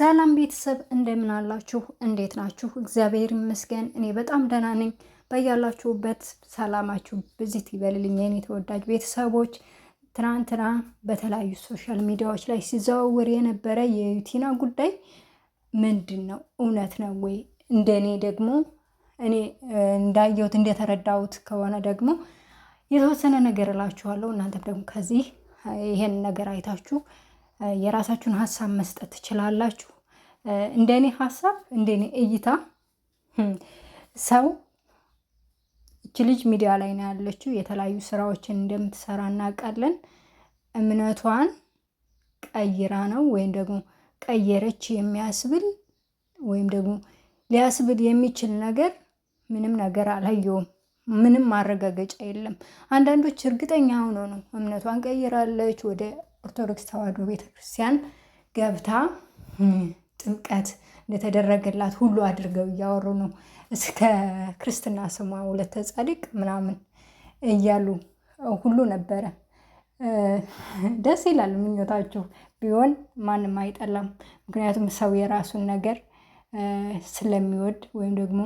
ሰላም ቤተሰብ እንደምን አላችሁ? እንዴት ናችሁ? እግዚአብሔር ይመስገን እኔ በጣም ደህና ነኝ። በያላችሁበት ሰላማችሁ ብዚት ይበልልኝ የኔ ተወዳጅ ቤተሰቦች። ትናንትና በተለያዩ ሶሻል ሚዲያዎች ላይ ሲዘዋወር የነበረ የዩቲና ጉዳይ ምንድን ነው? እውነት ነው ወይ? እንደኔ ደግሞ እኔ እንዳየሁት እንደተረዳሁት ከሆነ ደግሞ የተወሰነ ነገር እላችኋለሁ። እናንተም ደግሞ ከዚህ ይሄን ነገር አይታችሁ የራሳችሁን ሀሳብ መስጠት ትችላላችሁ። እንደኔ ሀሳብ እንደኔ እይታ ሰው እች ልጅ ሚዲያ ላይ ነው ያለችው፣ የተለያዩ ስራዎችን እንደምትሰራ እናውቃለን። እምነቷን ቀይራ ነው ወይም ደግሞ ቀየረች የሚያስብል ወይም ደግሞ ሊያስብል የሚችል ነገር ምንም ነገር አላየውም። ምንም ማረጋገጫ የለም። አንዳንዶች እርግጠኛ ሆኖ ነው እምነቷን ቀይራለች ወደ ኦርቶዶክስ ተዋህዶ ቤተክርስቲያን ገብታ ጥምቀት እንደተደረገላት ሁሉ አድርገው እያወሩ ነው። እስከ ክርስትና ስሟ ሁለተ ጻድቅ ምናምን እያሉ ሁሉ ነበረ። ደስ ይላል። ምኞታችሁ ቢሆን ማንም አይጠላም። ምክንያቱም ሰው የራሱን ነገር ስለሚወድ ወይም ደግሞ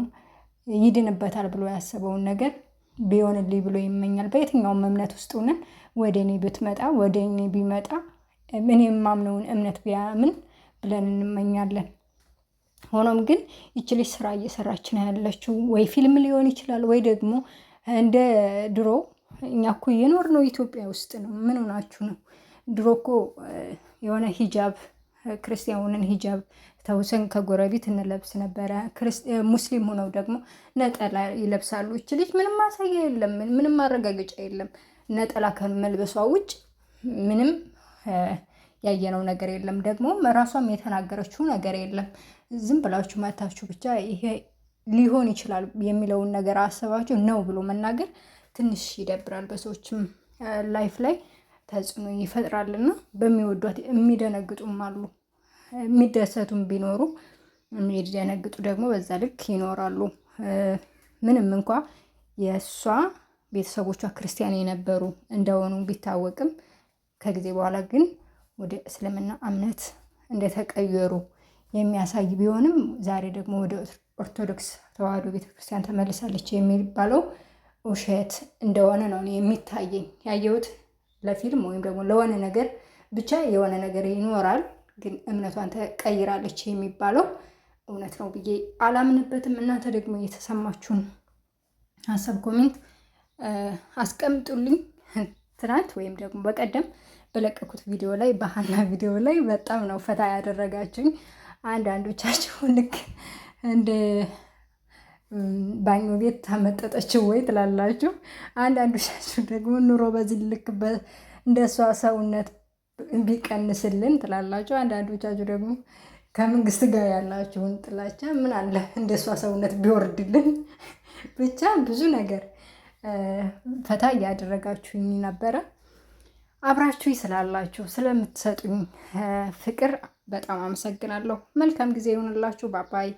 ይድንበታል ብሎ ያሰበውን ነገር ቢሆንልኝ ብሎ ይመኛል። በየትኛውም እምነት ውስጥ ሆነን ወደ እኔ ብትመጣ ወደ እኔ ቢመጣ እኔ የማምነውን እምነት ቢያምን ብለን እንመኛለን። ሆኖም ግን ይች ልጅ ስራ እየሰራች ነው ያለችው። ወይ ፊልም ሊሆን ይችላል፣ ወይ ደግሞ እንደ ድሮ እኛ እኮ የኖር ነው ኢትዮጵያ ውስጥ ነው። ምን ሆናችሁ ነው? ድሮ እኮ የሆነ ሂጃብ ክርስቲያን ሆነን ሂጃብ ተውሰን ከጎረቤት እንለብስ ነበረ። ሙስሊም ሆነው ደግሞ ነጠላ ይለብሳሉ። እች ልጅ ምንም ማሳያ የለም፣ ምንም ማረጋገጫ የለም። ነጠላ ከመልበሷ ውጭ ምንም ያየነው ነገር የለም። ደግሞ ራሷም የተናገረችው ነገር የለም። ዝም ብላችሁ መታችሁ ብቻ ይሄ ሊሆን ይችላል የሚለውን ነገር አስባችሁ ነው ብሎ መናገር ትንሽ ይደብራል። በሰዎችም ላይፍ ላይ ተጽዕኖ ይፈጥራልና በሚወዷት የሚደነግጡም አሉ። የሚደሰቱም ቢኖሩ የሚደነግጡ ደግሞ በዛ ልክ ይኖራሉ። ምንም እንኳ የእሷ ቤተሰቦቿ ክርስቲያን የነበሩ እንደሆኑ ቢታወቅም ከጊዜ በኋላ ግን ወደ እስልምና እምነት እንደተቀየሩ የሚያሳይ ቢሆንም ዛሬ ደግሞ ወደ ኦርቶዶክስ ተዋህዶ ቤተክርስቲያን ተመልሳለች የሚባለው ውሸት እንደሆነ ነው የሚታየኝ። ያየሁት ለፊልም ወይም ደግሞ ለሆነ ነገር ብቻ የሆነ ነገር ይኖራል ግን እምነቷን ተቀይራለች የሚባለው እውነት ነው ብዬ አላምንበትም። እናንተ ደግሞ የተሰማችሁን ሀሳብ ኮሜንት አስቀምጡልኝ። ትናንት ወይም ደግሞ በቀደም በለቀኩት ቪዲዮ ላይ በሀና ቪዲዮ ላይ በጣም ነው ፈታ ያደረጋችሁኝ። አንዳንዶቻችሁ ልክ እንደ ባኞ ቤት ታመጠጠችው ወይ ትላላችሁ። አንዳንዶቻችሁ ደግሞ ኑሮ በዚህ ልክ እንደ ሰውነት ቢቀንስልን ትላላችሁ። አንዳንዶቻችሁ ደግሞ ከመንግስት ጋር ያላችሁን ጥላቻ ምን አለ እንደሷ ሰውነት ቢወርድልን። ብቻ ብዙ ነገር ፈታ እያደረጋችሁኝ ነበረ። አብራችሁ ስላላችሁ ስለምትሰጡኝ ፍቅር በጣም አመሰግናለሁ። መልካም ጊዜ ይሆንላችሁ። ባባይ